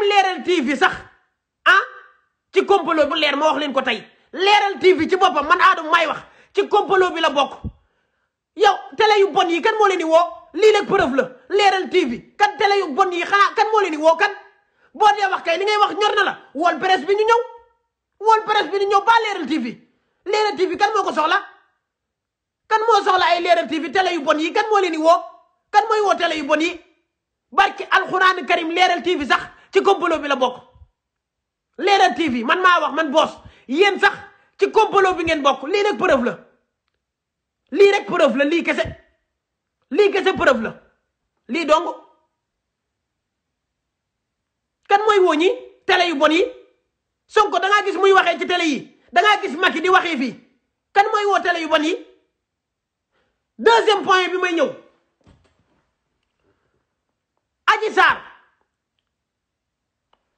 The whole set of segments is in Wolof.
même leeral TV sax ah ci complot bu leer ma wax leen ko tey leeral TV ci boppam man Adama may wax ci complot bi la bokk yow télé yu bon yi kan moo leen di woo lii la preuve la leeral TV kan tele yu bon yi xanaa kan moo woo kan boo dee wax li ngay wax ñor la wool presse bi ñu ñëw wool presse bi ñu ñëw ba leeral TV leeral TV kan moo ko soxla kan moo soxla ay leeral yu bon yi kan moo leen di woo kan mooy woo télé yu bon yi barki alxuraan karim leeral TV sax ci complot bi la bokk Leral TV man maa wax man boos yéen sax ci complot bi ngeen bokk lii rek preuve la lii rek preuve la lii kese lii kese preuve la lii dong kan mooy woo ñi télé yu bon yi Sonko da gis muy waxee ci tele yi da ngaa gis Macky di waxee fii kan mooy woo tele yu bon yi deuxième point bi may ñëw Adji Sarr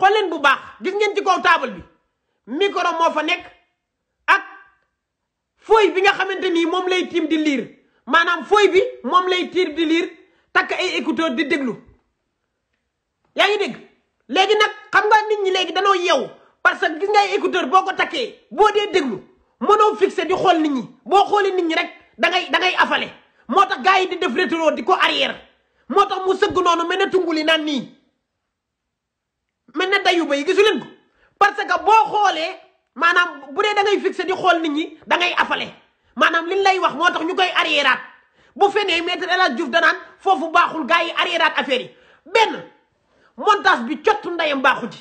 xool leen bu baax gis ngeen ci kaw taabal bi mikoro moo fa nekk ak feuille bi nga xamante nii moom lay tiim di liir maanaam feuille bi moom lay tiir di liir takk ay écouteur di déglu yaa ngi dégg léegi nag xam nga nit ñi léegi danoo yeew parce que gis nga ay boo ko takkee boo dee déglu mënoo fixé di xool nit ñi boo xoolee nit ñi rek da ngay da afale moo tax gars yi di def rétro di ko arrière moo tax mu sëgg noonu mel ne tungul yi naan nii dayu ba yi gisu leen ko parce que boo xoolee maanaam bu dee da fixe di xool nit ñi da ngay afale maanaam liñ lay wax moo tax ñu koy arriéraat bu fenee maître El Hadj Diouf danaan foofu baaxul gaa yi arriéraat affaire yi benn montage bi cottu ndeyam baaxu ji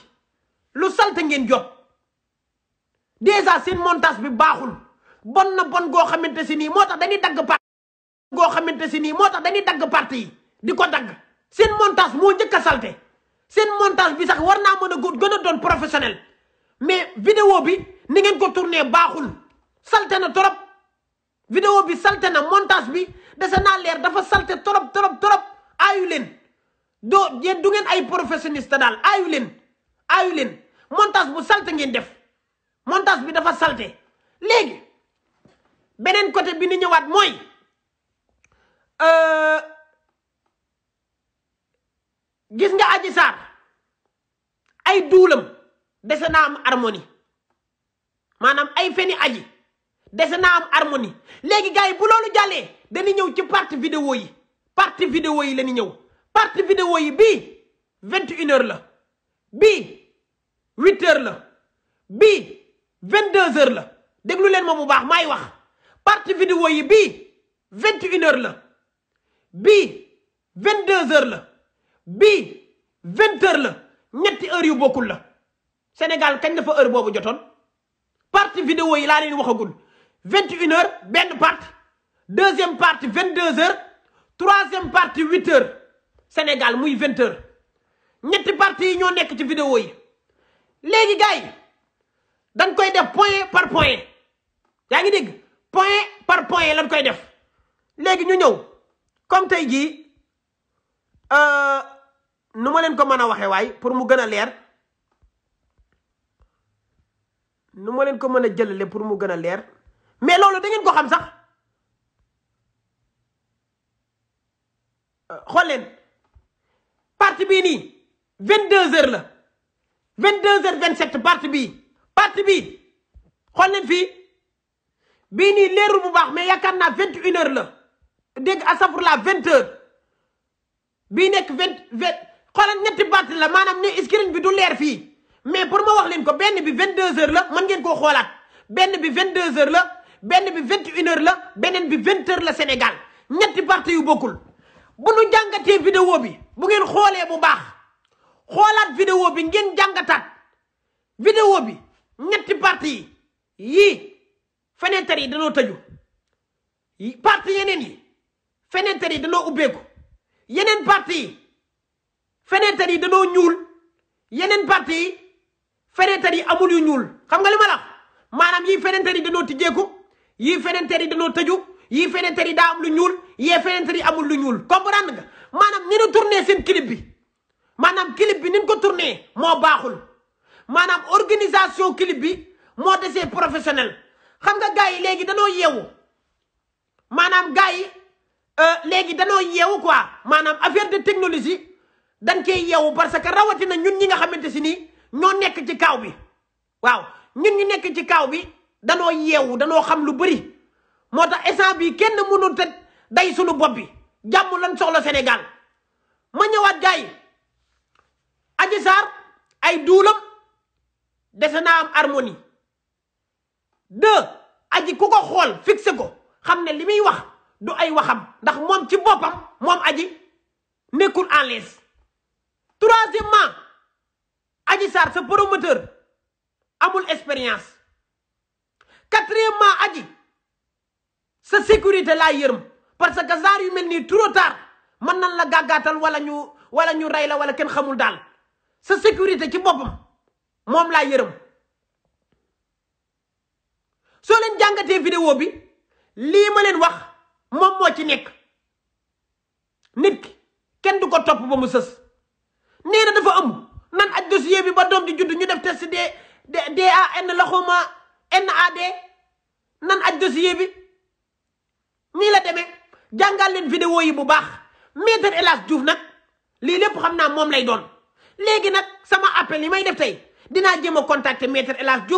lu salte ngeen jot déjà seen montage bi baaxul bon na bon goo xamante si nii moo tax dañuy dagg parti goo xamante si nii moo tax dañuy dagg parti di ko dagg seen montage moo njëkk a salte seen montage bi sax war naa mën a gën a doon professionnel mais video bi ni ngeen ko tourné baaxul salte na trop vidéo bi salte na montage bi dese naa leer dafa salte trop trop trop aayu leen doo yéen du ngeen ay professionniste daal ayu leen ayu leen montage bu salte ngeen def montage bi dafa salte léegi beneen côté bi ni ñëwaat mooy euh, gis nga Adji Sarr ay duulam dese naa am harmonie maanaam ay feni aji dese naa am harmonie léegi gars yi bu loolu jàllee dañu ñëw ci partie vidéo yi partie vidéo yi la ñëw partie vidéo yi bii vingt une la bii huit la bii vingt deux heures la déglu leen ma bu baax maay wax parti vidéo yi bii vingt une la bii vingt deux heures la bii vingt heures la ñetti heures yu bokkul la Sénégal kañ la fa heure boobu jotoon parti vidéo yi laa leen waxagul vingt une heures benn partie deuxième partie vingt deux heures troisième partie huit Sénégal muy vingt ñetti partie yi ñoo nekk ci vidéo yi léegi gars yi dañ koy def point par point yaa ngi dégg point par point lañ koy def léegi ñu ñëw comme tey jii euh, nu ma leen ko mën a waxee waay pour mu gën a leer numa ma leen ko mën a jëlale pour mu gën a leer mais loolu da ngeen ko xam sax euh, xool leen parti bii nii vingt deux heures la vingt deux heures vingt sept parti bii parti bii xool leen fii bii nii leerul bu baax mais yaakaar naa vingt une heures la dégg asafur la vingt heures bii nekk vingt vingt xoolal ñetti bàtt la maanaam ne screen bi du leer fii mais pour ma wax leen ko benn bi 22h la mën ngeen koo xoolaat benn bi vingt 22h la benn bi 21h la beneen bi 20h la Sénégal ñetti parti yu bokkul. bu nu jàngatee vidéo bi bu ngeen xoolee bu baax xoolaat vidéo bi ngeen jàngataat vidéo bi ñetti parti yi yii fenêtre yi danoo tëju parti yeneen yi fenêtre yi danoo ubbeeku yeneen parti fenêtre yi danoo ñuul yeneen parti yi fenêtre yi amul yu ñuul xam nga li ma la maanaam yii fenêtre yi danoo tijjeeku yii fenêtre yi danoo tëju yii fenêtre yi daa am lu ñuul yee fenêtre yi amul lu ñuul comprendre nga maanaam ni ñu tourné seen clip bi maanaam clip bi ni ko tourné moo baaxul maanaam organisation clip bi moo desee professionnel xam nga gars yi léegi danoo yeewu maanaam gars yi euh, léegi danoo yeewu quoi maanaam affaire de technologie dañ cee yeewu parce que rawatina ñun ñi nga xamante si nii ñoo nekk ci kaaw bi waaw ñun ñu nekk ci kaaw bi danoo yeewu danoo xam lu bari moo tax instant bi kenn mënul te day sunu bopp bi jàmm lan soxla Sénégal ma ñëwaat jaay yi Adji ay duulam dese naa am harmonie deux aji ku ko xool fixé ko xam ne li muy wax du ay waxam ndax moom ci boppam moom aji nekkul en l'aise troisièmement aji Sarr sa promoteur amul expérience quatrièmement Adji sa sécurité laa yërëm parce que genre yu mel nii trop tard mën nan la gàggaatal wala ñu wala ñu rey la wala kenn xamul daal sa sécurité ci boppam moom laa yërëm soo leen jàngatee vidéo bi lii ma leen wax moom moo ci nekk nit ki kenn du ko topp ba mu sës nee na dafa ëmb nan aj dossier bi ba doom di judd ñu def test d DAN la xawma NAD nan aj dossier bi nii la demee jàngal leen vidéo yi bu baax maître El Hadj Diouf nag lii lépp xam naa moom lay doon léegi nag sama appel yi may def tey dinaa jéem a contacter maître El Hadj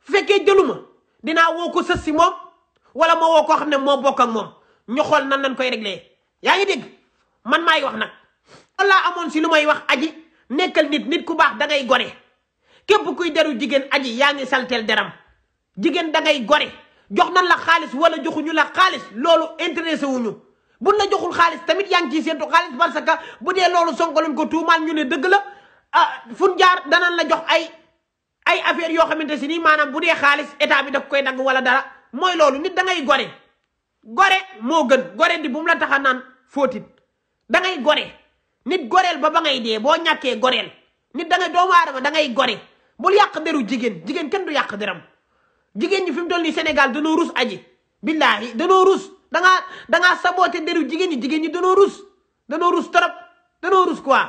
fekkee jëluma dinaa woo ko sës si moom wala ma woo koo xam ne moo bokk ak moom ñu xool nan lañ koy réglé yaa ngi dégg man maay wax nag loolu laa amoon si lu may wax aji nekkal nit nit ku baax da gore képp kuy deru jigéen aji yaa ngi salteel deram jigéen da ngay gore jox nan la xaalis wala joxuñu la xaalis loolu intéressé wuñu buñ la joxul xaalis tamit yaa ngi ciy séentu xaalis parce que bu dee loolu Sonko lañ ko tuumaal ñu ne dëgg la ah fun jaar danañ la jox ay ay affaire yoo xamante si nii maanaam bu dee xaalis état bi daf koy dagg wala dara mooy loolu nit dangay gore gore moo gën gore di bu la tax a naan fóotit da ngay gore nit goreel ba ba ngay dee boo ñàkkee goreel nit da ngay doomu aadama da gore bul yàq deru jigéen jigéen kenn du yàq deram jigéen ñi fi mu toll nii Sénégal danoo rus aji billaahi danoo rus dangaa dangaa saboote deru jigéen ñi jigéen ñi danoo rus danoo rus trop danoo rus quoi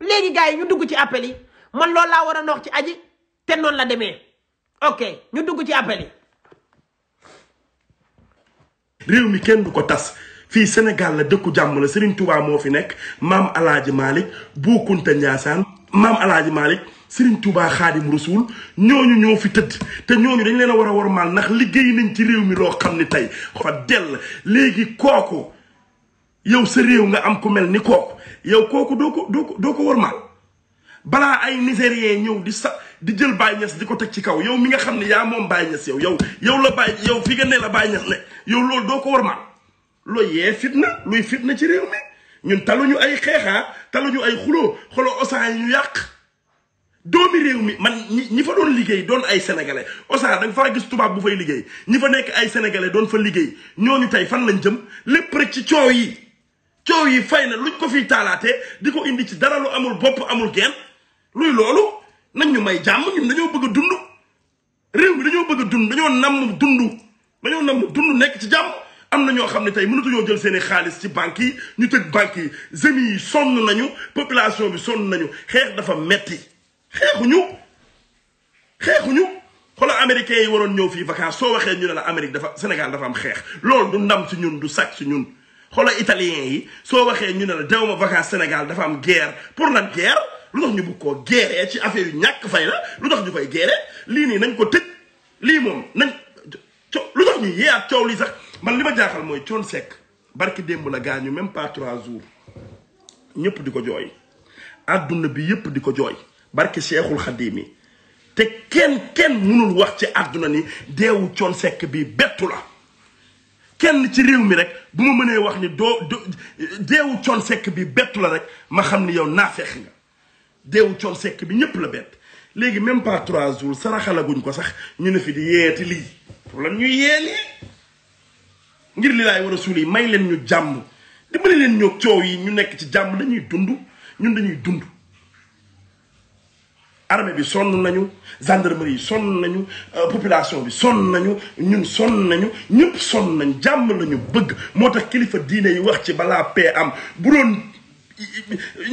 léegi gars yi ñu dugg ci appel yi man loolu laa war a noox ci aji ten noonu la demee ok ñu dugg ci appel yi réew kenn du ko tas fii senegal la dëkku jàmm la Serigne Touba moo fi nekk maam El maalik Malick Bou Kounta maam El Hadj Malick tubaa Touba Xaadim Rasul ñooñu ñoo fi tëdd te ñooñu dañ leen a war a wormaal ndax liggéey nañ ci réew mi loo xam ne tey fa dell léegi kooku yow sa réew nga am ku mel ni kooku yow kooku doo ko doo ko doo ko balaa ay nigérien ñëw di sa di jël Baye Niass di ko teg ci kaw yow mi nga xam ne yaa moom Baye Niass yow yow yow la Baye yow fi nga ne la Baye yow loolu doo ko wormaal loo yee fitna luy fitna ci réew mi ñun taluñu ay xeexaa ñu ay xuloo xoloo osa yi ñu yàq doomi réew mi man ñi fa doon liggéey doon ay sénégalais osa da nga faa gis tubaab bu fay liggéey ñi fa nekk ay sénégalais doon fa liggéey ñooñu tey fan lañ jëm lépp rek ci coow yi coow yi fay na luñ ko fiy taalaatee di ko indi ci dara lu amul bopp amul geen luy loolu nañ ñu may jàmm ñun dañoo bëgg a dund réew mi dañoo bëgg a dund dañoo namm dund dañoo namm dund nekk ci jàmm am na ñoo xam ne tey mënatuñoo jël seeni xaalis ci banques yi ñu tëj banques yi zemi yi sonn nañu population bi sonn nañu xeex dafa metti xeexuñu xeexuñu xoolal américains yi waroon ñëw fii vacances soo waxee ñu ne la Amérique dafa Sénégal dafa am xeex loolu du ndam ci ñun du sac ci ñun xoolal italiens yi soo waxee ñu ne la dewuma vacances Sénégal dafa am guerre pour lan guerre lu tax ñu bëgg koo guerre ci affaire yu ñàkk fay la lu tax ñu koy guerre lii nii nañ ko tëj lii moom nañ co lu tax ñu yeeyaat coow lii sax man li ma jaaxal mooy Thione sekk barki démb la gaañu même pas trois jours ñëpp di ko jooy àdduna bi yëpp di ko jooy barki Cheikhul Khadim mi te kenn kenn mënul wax ci àdduna ni deewu Thione Seck bi bettu la kenn ci réew mi rek bu ma mënee wax ni doo deewu Thione bi bettu la ma xam ni yow naafeex nga deewu Thione Seck bi ñëpp la bett léegi même pas trois jours saraxalaguñ ko sax ñu ne fi di yeeti lii problème ñu yee lii ngir li laay war a suul yi may leen ñu jàmm dimbali leen ñoo coow yi ñu nekk ci jàmm lañuy dund ñun dañuy dund armée bi sonn nañu gendarmerie yi sonn nañu euh, population bi sonn nañu ñun sonn nañu ñëpp sonn nañ jàmm lañu bëgg moo tax kilifa diine yi wax ci balaa paix am bu doon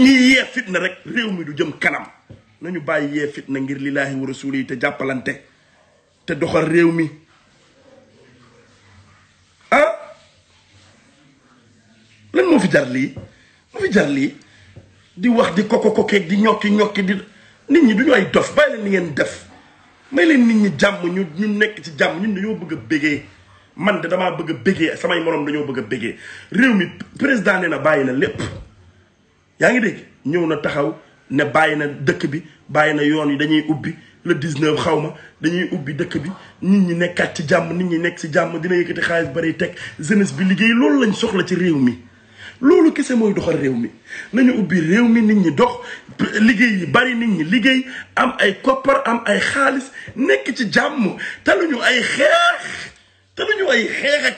ñuy yee fitna rek réew mi du jëm kanam nañu bàyyi yee fitna ngir lillaahi wa rasuuli te jàppalante te doxal réew mi lan moo fi jar lii moo fi jar lii di wax di koko kokeeg di ñokki ñokki di nit ñi du ñu ay dof bàyyi leen ni ngeen def may leen nit ñi jàmm ñu ñu nekk ci jàmm dañoo bëgg a bégee man de damaa bëgg a bégee moroom dañoo bëgg a bégee réew mi président na bàyyi na lépp yaa ngi dégg ñëw na taxaw ne bàyyi na dëkk bi bàyyi na yoon yi dañuy ubbi le 19 xaw ma dañuy ubbi dëkk bi nit ñi nekkaat ci jàmm nit ñi nekk ci jàmm dina yëkkati xaalis bari teg jeunesse bi liggéey loolu lañ soxla ci réew mi loolu kese mooy doxal réew mi nañu ubbi réew mi nit ñi dox liggéey yi bari nit ñi liggéey am ay koppar am ay xaalis nekk ci jàmm taluñu ay xeex taluñu ay xeex ak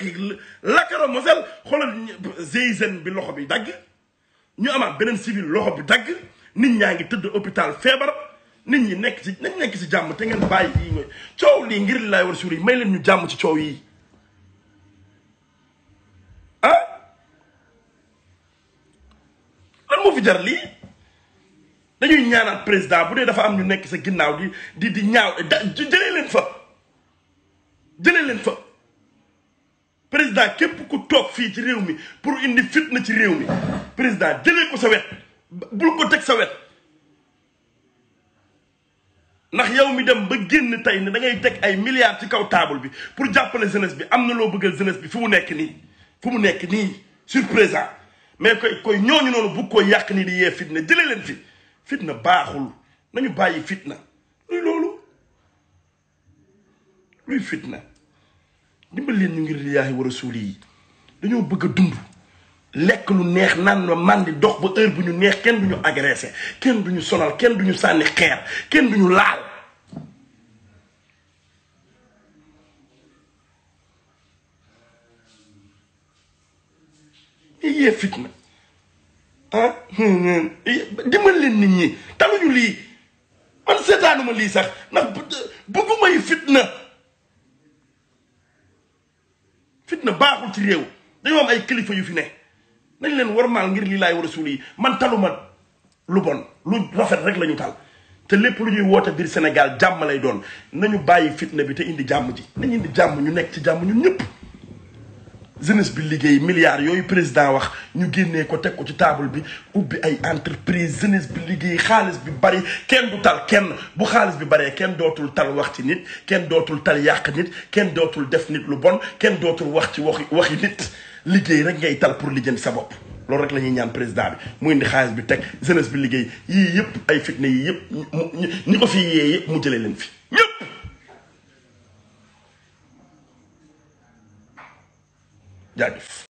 lacrymogène xoolal GIGN bi loxo bi dagg ñu amaat beneen civil loxo bi dagg nit ñaa ngi tëdd hôpital feebar nit ñi nekk ci nañ nekk ci jàmm te ngeen bàyyi yi mooy coow lii ngir lay war suur may leen ñu jàmm ci coow yi moo fi jar lii dañuy ñaanaat président bu dee dafa am ñu nekk sa ginnaaw di di di ñaaw da jëlee leen fa jëlee leen fa président képp ku toog fii ci réew mi pour indi fitna ci réew mi président jëlee ko sa wet bul ko teg sa wet ndax yow mi dem ba génn tey ne da ngay teg ay milliards ci kaw taabul bi pour jàppale jeunesse bi am na loo bëggal jeunesse bi fu mu nekk nii fu mu nekk nii sur présent mais koy koy ñooñu noonu bu ko yàq ni di yee fitna jëlee leen fi fitna baaxul nañu bàyyi fitna luy loolu luy fitna dimbal leen ñu ngir lillaahi wa rasuuli yi dañoo bëgg dund lekk lu neex nan na man dox ba heure bu ñu neex kenn du ñu agressé kenn du ñu sonal kenn du ñu sànni xeer kenn du ñu laal yee fitna ah dimbal leen nit ñi taluñu lii man seetaanuma lii sax ndax bëgguma yi fitna fitna baaxul ci réew dañoo ay kilifa yu fi ne nañ leen war warmaal ngir lii laay war a suuli yi man taluma lu bon lu rafet rek lañu tal te lépp lu ñuy woote biir Sénégal jàmm lay doon nañu bàyyi fitna bi te indi jàmm ji nañ indi jàmm ñu nekk ci jàmm ñun ñëpp jeunesse bi liggéey milliards yooyu président wax ñu ne ko teg ko ci table bi ubbi ay entreprise jeunesse bi liggéey xaalis bi bari kenn du tal kenn bu xaalis bi baree kenn dootul tal wax ci nit kenn dootul tar yàq nit kenn dootul def nit lu bon kenn dootul wax ci waxi waxi nit liggéey rek ngay tal pour lijjanti sa bopp loolu rek la ñuy ñaan président bi mu indi xaalis bi teg jeunesse bi liggéey yii yëpp ay fitna yi yëpp ni ko fi yee mu jëlee leen fi jaajëf